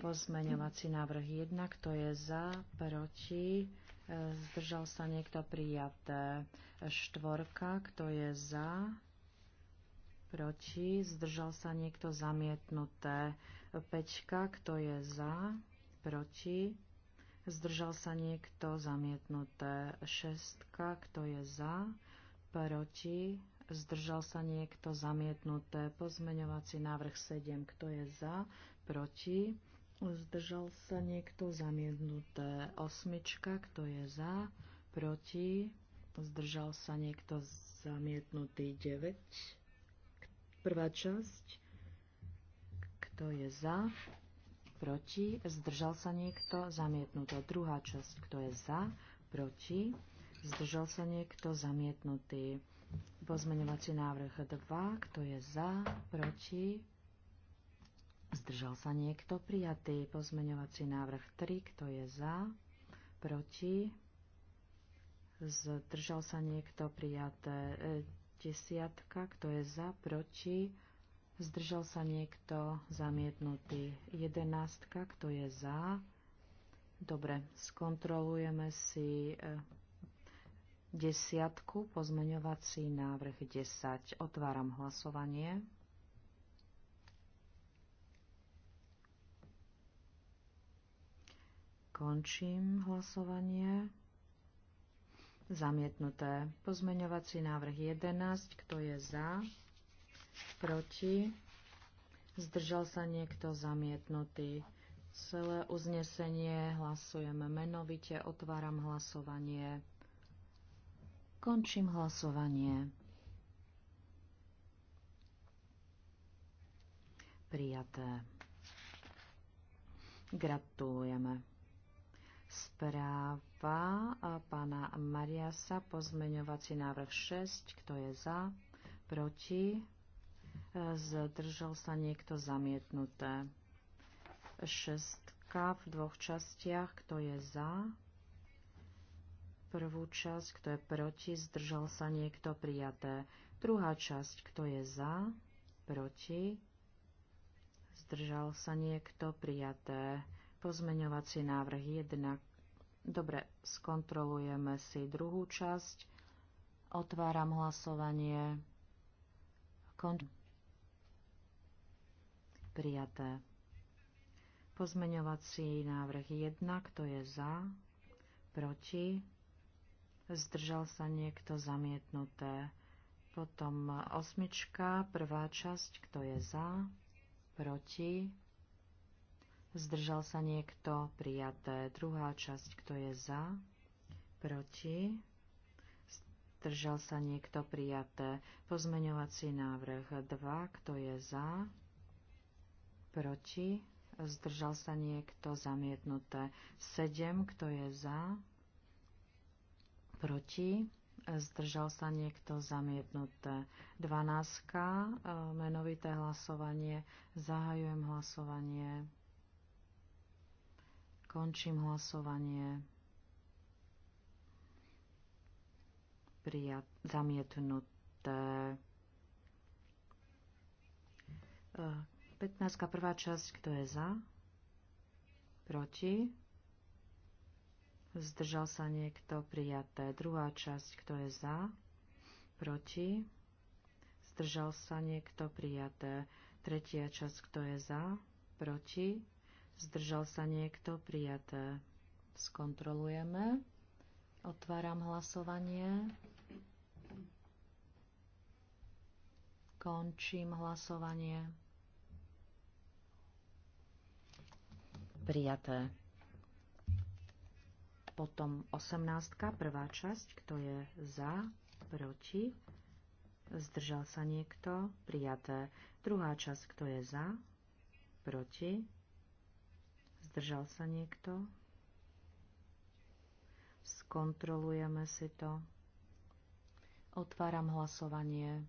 Pozmeňovací návrh 1, kto je za, proti, zdržal sa niekto prijaté. Štvorka, kto je za, proti, zdržal sa niekto zamietnuté. Peťka, kto je za, proti, zdržal sa niekto zamietnuté. Šestka, kto je za, proti, zdržal sa niekto, zamietnuté. Pozmeňovací návrh 7, kto je za, proti, zdržal sa niekto, zamietnuté. Osmička, kto je za, proti, zdržal sa niekto, zamietnutý 9. Prvá časť, kto je za, proti, zdržal sa niekto, zamietnuté. Druhá časť, kto je za, proti, zdržal sa niekto, zamietnutý. Pozmeňovací návrh 2. Kto je za? Proti? Zdržal sa niekto? Prijatý. Pozmeňovací návrh 3. Kto je za? Proti? Zdržal sa niekto? Prijaté. E, desiatka. Kto je za? Proti? Zdržal sa niekto? Zamietnutý. Jedenástka. Kto je za? Dobre, skontrolujeme si e, desiatku, pozmeňovací návrh 10. Otváram hlasovanie. Končím hlasovanie. Zamietnuté. Pozmeňovací návrh 11. Kto je za? Proti? Zdržal sa niekto zamietnutý. Celé uznesenie hlasujeme menovite. Otváram hlasovanie. Končím hlasovanie. Prijaté. Gratulujeme. Správa pána Mariasa, pozmeňovací návrh 6. Kto je za? Proti? E, zdržal sa niekto zamietnuté. Šestka v dvoch častiach. Kto je za? prvú časť, kto je proti, zdržal sa niekto prijaté. Druhá časť, kto je za, proti, zdržal sa niekto prijaté. Pozmeňovací návrh 1. Dobre, skontrolujeme si druhú časť. Otváram hlasovanie. Kon... Prijaté. Pozmeňovací návrh 1. Kto je za? Proti? zdržal sa niekto zamietnuté. Potom osmička, prvá časť, kto je za, proti, zdržal sa niekto prijaté. Druhá časť, kto je za, proti, zdržal sa niekto prijaté. Pozmeňovací návrh 2, kto je za, proti, zdržal sa niekto zamietnuté. 7, kto je za, proti, proti, zdržal sa niekto zamietnuté. 12. E, menovité hlasovanie. Zahajujem hlasovanie. Končím hlasovanie. Prijat, zamietnuté. 15. E, prvá časť, kto je za? Proti? Zdržal sa niekto prijaté. Druhá časť, kto je za? Proti? Zdržal sa niekto prijaté. Tretia časť, kto je za? Proti? Zdržal sa niekto prijaté. Skontrolujeme. Otváram hlasovanie. Končím hlasovanie. Prijaté. Potom 18. prvá časť, kto je za, proti, zdržal sa niekto, prijaté. Druhá časť, kto je za, proti, zdržal sa niekto. Skontrolujeme si to. Otváram hlasovanie.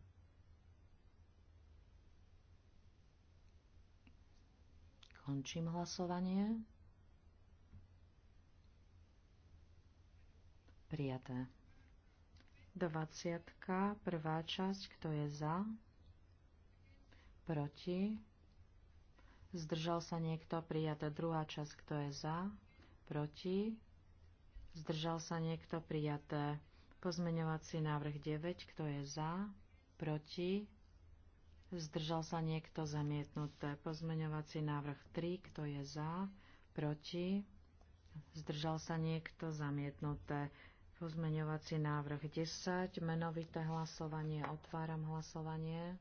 Končím hlasovanie. Prijaté. 20. Prvá časť. Kto je za? Proti. Zdržal sa niekto? Prijaté. Druhá časť. Kto je za? Proti. Zdržal sa niekto? Prijaté. Pozmeňovací návrh 9. Kto je za? Proti? Zdržal sa niekto? Zamietnuté. Pozmeňovací návrh 3. Kto je za? Proti? Zdržal sa niekto? Zamietnuté. Pozmeňovací návrh 10, menovité hlasovanie, otváram hlasovanie.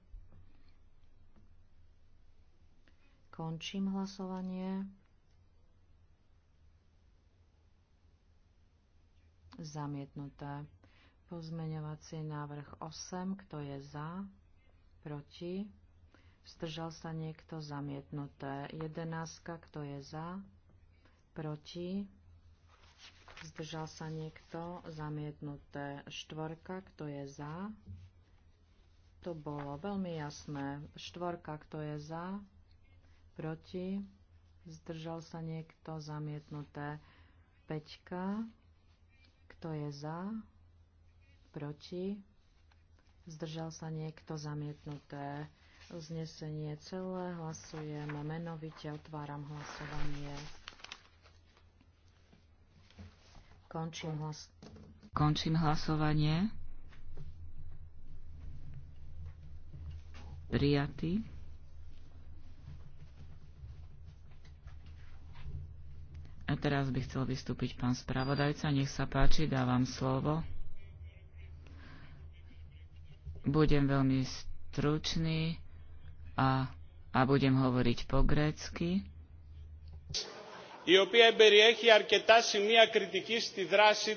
Končím hlasovanie. Zamietnuté. Pozmeňovací návrh 8, kto je za, proti, zdržal sa niekto, zamietnuté. 11, kto je za, proti, Zdržal sa niekto? Zamietnuté štvorka. Kto je za? To bolo veľmi jasné. Štvorka. Kto je za? Proti? Zdržal sa niekto? Zamietnuté. Peťka. Kto je za? Proti? Zdržal sa niekto? Zamietnuté. znesenie celé. Hlasujem menovite. Otváram hlasovanie. Končím, hlas- Končím hlasovanie. Prijatý. A teraz by chcel vystúpiť pán spravodajca. Nech sa páči, dávam slovo. Budem veľmi stručný a, a budem hovoriť po grécky η οποία περιέχει αρκετά σημεία κριτικής στη δράση.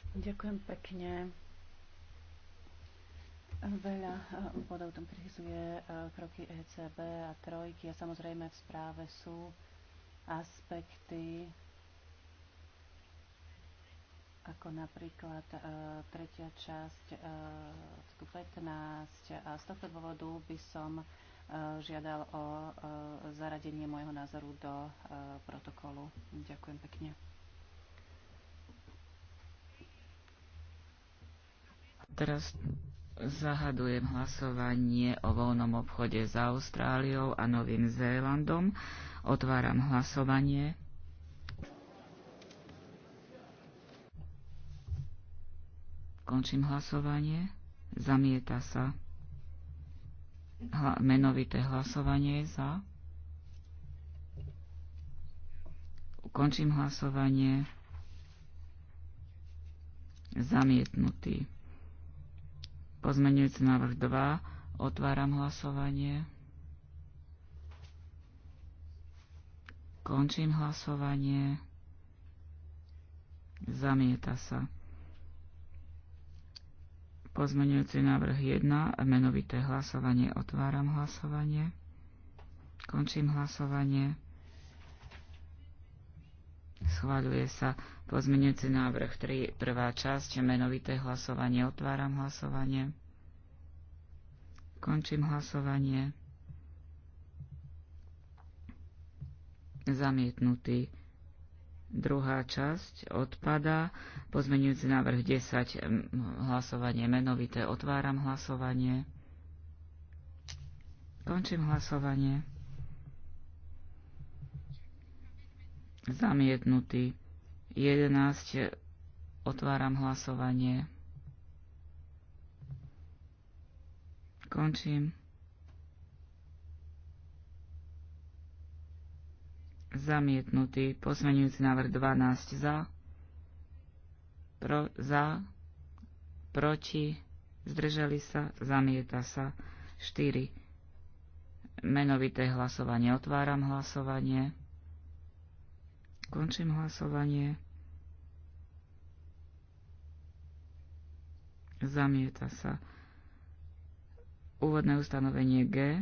Veľa eh, bodov tam kritizuje eh, kroky ECB a trojky a samozrejme v správe sú aspekty ako napríklad e, tretia časť e, 15 a z tohto dôvodu by som e, žiadal o e, zaradenie môjho názoru do e, protokolu. Ďakujem pekne. Teraz zahadujem hlasovanie o voľnom obchode s Austráliou a Novým Zélandom. Otváram hlasovanie. Končím hlasovanie. Zamieta sa menovité hlasovanie za. Ukončím hlasovanie. Zamietnutý. Pozmenujúci návrh 2. Otváram hlasovanie. Končím hlasovanie. Zamieta sa. Pozmenujúci návrh 1, menovité hlasovanie, otváram hlasovanie, končím hlasovanie, schváľuje sa pozmenujúci návrh 3, prvá časť, menovité hlasovanie, otváram hlasovanie, končím hlasovanie, zamietnutý Druhá časť odpada. pozmeňujúci návrh 10. Hlasovanie menovité. Otváram hlasovanie. Končím hlasovanie. Zamietnutý. 11. Otváram hlasovanie. Končím. Zamietnutý. Pozmenujúci návrh 12 za. Pro, za. Proti. Zdržali sa. Zamieta sa. 4. Menovité hlasovanie. Otváram hlasovanie. Končím hlasovanie. Zamieta sa. Úvodné ustanovenie G.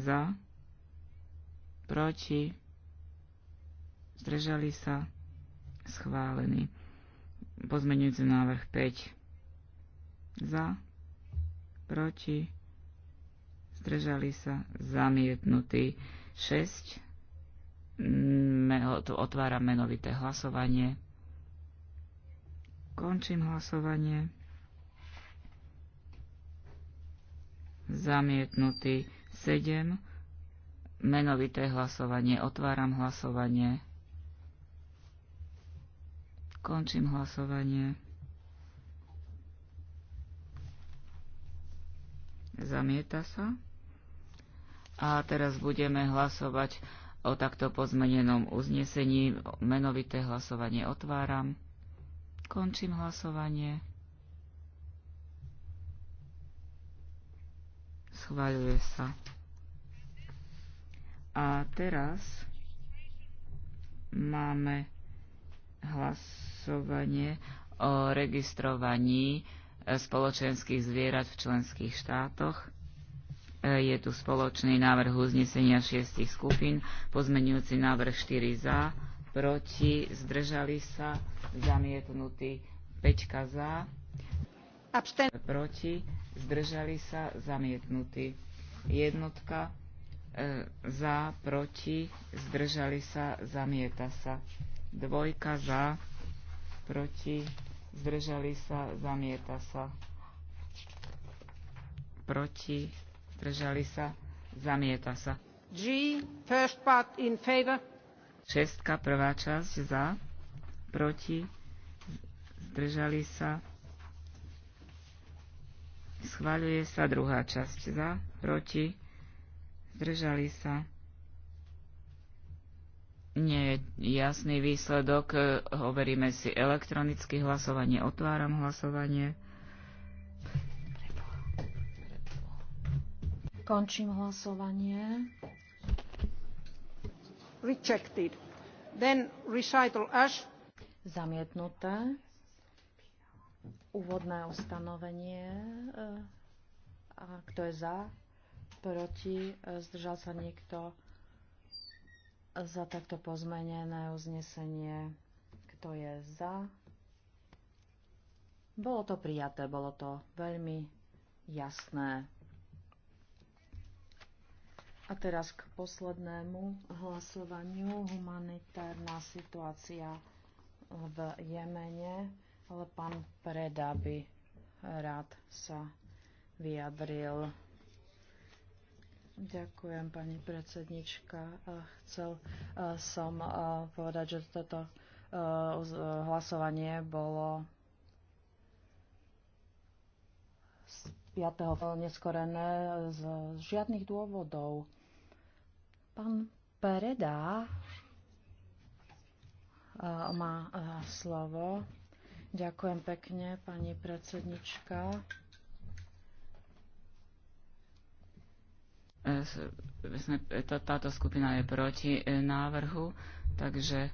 Za. Proti zdržali sa, schválený. Pozmeňujúci návrh 5 za, proti, zdržali sa, zamietnutý 6. Tu otváram menovité hlasovanie. Končím hlasovanie. Zamietnutý 7. Menovité hlasovanie. Otváram hlasovanie. Končím hlasovanie. Zamieta sa. A teraz budeme hlasovať o takto pozmenenom uznesení. Menovité hlasovanie otváram. Končím hlasovanie. Schváľuje sa. A teraz máme hlas hlasovanie o registrovaní e, spoločenských zvierat v členských štátoch. E, je tu spoločný návrh uznesenia šiestich skupín, pozmenujúci návrh 4 za, proti, zdržali sa, zamietnutý 5 za, Absten. proti, zdržali sa, zamietnutý jednotka, e, za, proti, zdržali sa, zamieta sa, dvojka za, proti, zdržali sa, zamieta sa. Proti, zdržali sa, zamieta sa. G, first part in favor. Šestka, prvá časť za, proti, zdržali sa. Schváľuje sa druhá časť za, proti, zdržali sa nie je jasný výsledok, e, hovoríme si elektronicky hlasovanie, otváram hlasovanie. Končím hlasovanie. Rejected. Then recital ash. Zamietnuté. Úvodné ustanovenie. E, a kto je za? Proti? E, zdržal sa niekto? za takto pozmenené uznesenie. Kto je za? Bolo to prijaté, bolo to veľmi jasné. A teraz k poslednému hlasovaniu. Humanitárna situácia v Jemene, ale pán Preda by rád sa vyjadril. Ďakujem, pani predsednička. Chcel som povedať, že toto hlasovanie bolo 5. neskorené z žiadnych dôvodov. Pán Pereda má slovo. Ďakujem pekne, pani predsednička. E, e, táto skupina je proti e, návrhu, takže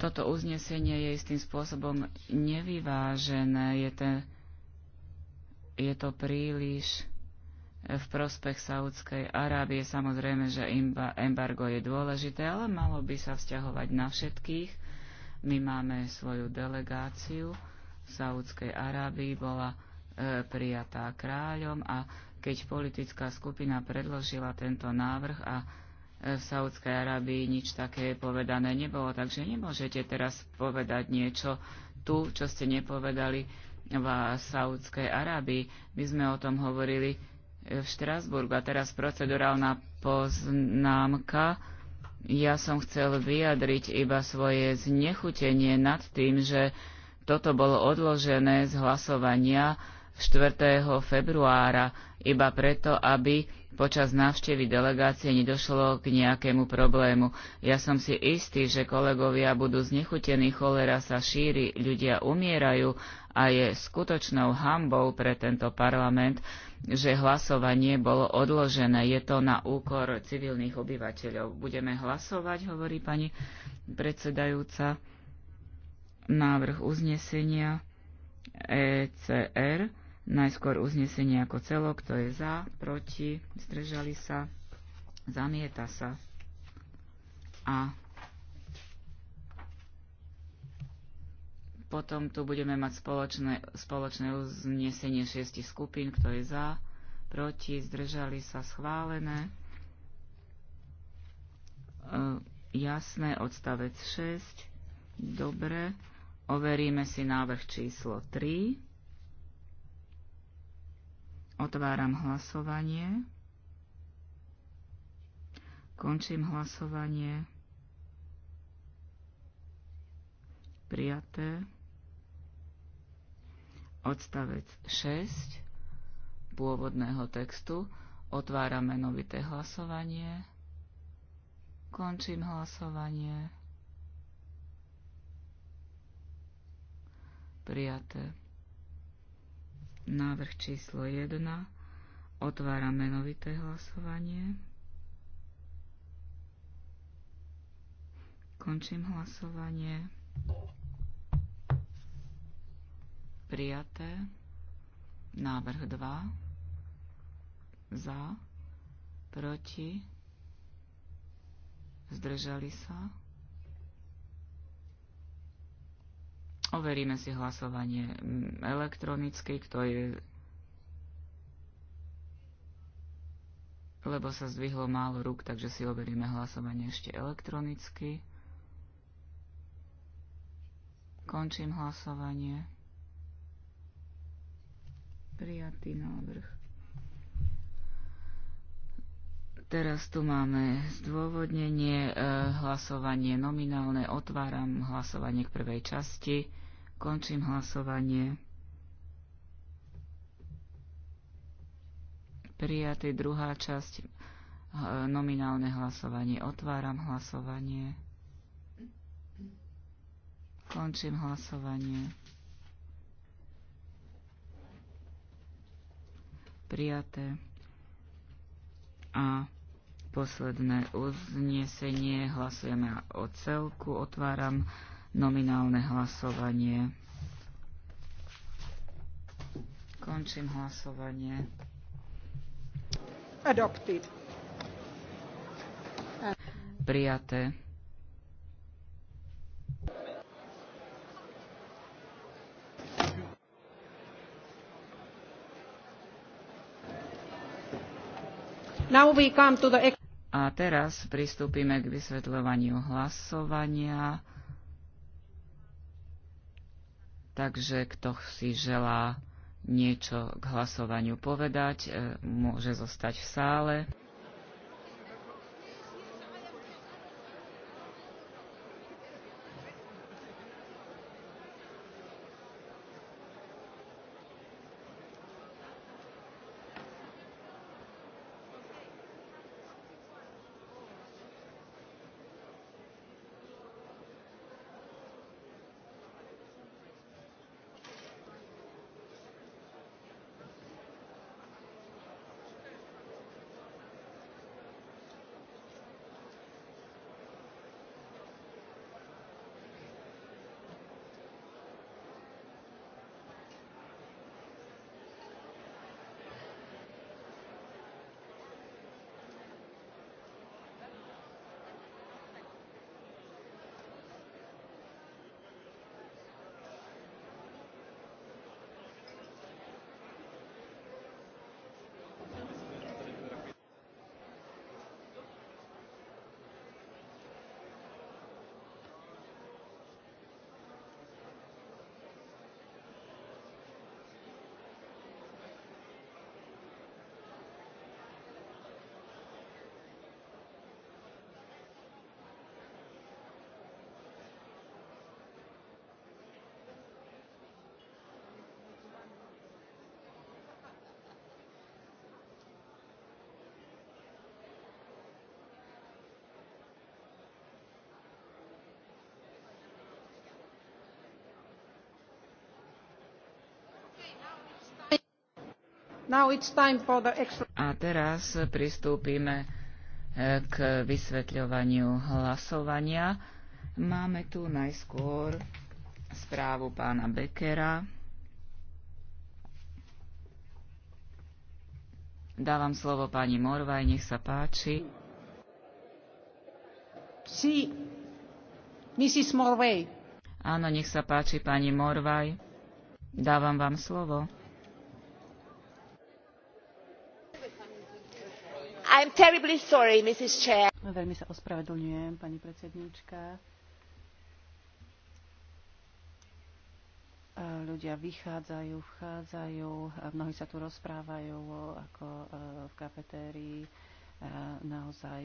toto uznesenie je istým spôsobom nevyvážené. Je, ten, je to príliš v prospech Saudskej Arábie. Samozrejme, že embargo je dôležité, ale malo by sa vzťahovať na všetkých. My máme svoju delegáciu v Saudskej Arábii, bola E, prijatá kráľom a keď politická skupina predložila tento návrh a e, v Saudskej Arabii nič také povedané nebolo, takže nemôžete teraz povedať niečo tu, čo ste nepovedali v Saudskej Arabii. My sme o tom hovorili e, v Štrasburgu a teraz procedurálna poznámka. Ja som chcel vyjadriť iba svoje znechutenie nad tým, že toto bolo odložené z hlasovania 4. februára, iba preto, aby počas návštevy delegácie nedošlo k nejakému problému. Ja som si istý, že kolegovia budú znechutení, cholera sa šíri, ľudia umierajú a je skutočnou hambou pre tento parlament, že hlasovanie bolo odložené. Je to na úkor civilných obyvateľov. Budeme hlasovať, hovorí pani predsedajúca. Návrh uznesenia ECR Najskôr uznesenie ako celo, kto je za, proti, zdržali sa, zamieta sa. A potom tu budeme mať spoločné, spoločné uznesenie šiestich skupín, kto je za, proti, zdržali sa, schválené. E, jasné, odstavec 6. Dobre. Overíme si návrh číslo 3. Otváram hlasovanie. Končím hlasovanie. Prijaté. Odstavec 6 pôvodného textu. Otvárame novité hlasovanie. Končím hlasovanie. Prijaté. Návrh číslo 1. Otváram menovité hlasovanie. Končím hlasovanie. Prijaté. Návrh 2. Za. Proti. Zdržali sa Overíme si hlasovanie elektronicky, kto je lebo sa zdvihlo málo rúk, takže si overíme hlasovanie ešte elektronicky. Končím hlasovanie. Prijatý návrh. Teraz tu máme zdôvodnenie, eh, hlasovanie nominálne, otváram hlasovanie k prvej časti. Končím hlasovanie. Prijatý druhá časť eh, nominálne hlasovanie. Otváram hlasovanie. Končím hlasovanie. Prijaté. A posledné uznesenie. Hlasujeme o celku. Otváram hlasovanie nominálne hlasovanie. Končím hlasovanie. Adopted. Prijaté. A teraz pristúpime k vysvetľovaniu hlasovania. Takže kto si želá niečo k hlasovaniu povedať, e, môže zostať v sále. A teraz pristúpime eh, k vysvetľovaniu hlasovania. Máme tu najskôr správu pána Bekera. Dávam slovo pani Morvaj, nech sa páči. Si, Mrs. Morvaj. Áno, nech sa páči, pani Morvaj. Dávam vám slovo. Veľmi sa ospravedlňujem, pani predsedníčka. Ľudia vychádzajú, vchádzajú, mnohí sa tu rozprávajú ako e, v kafetérii naozaj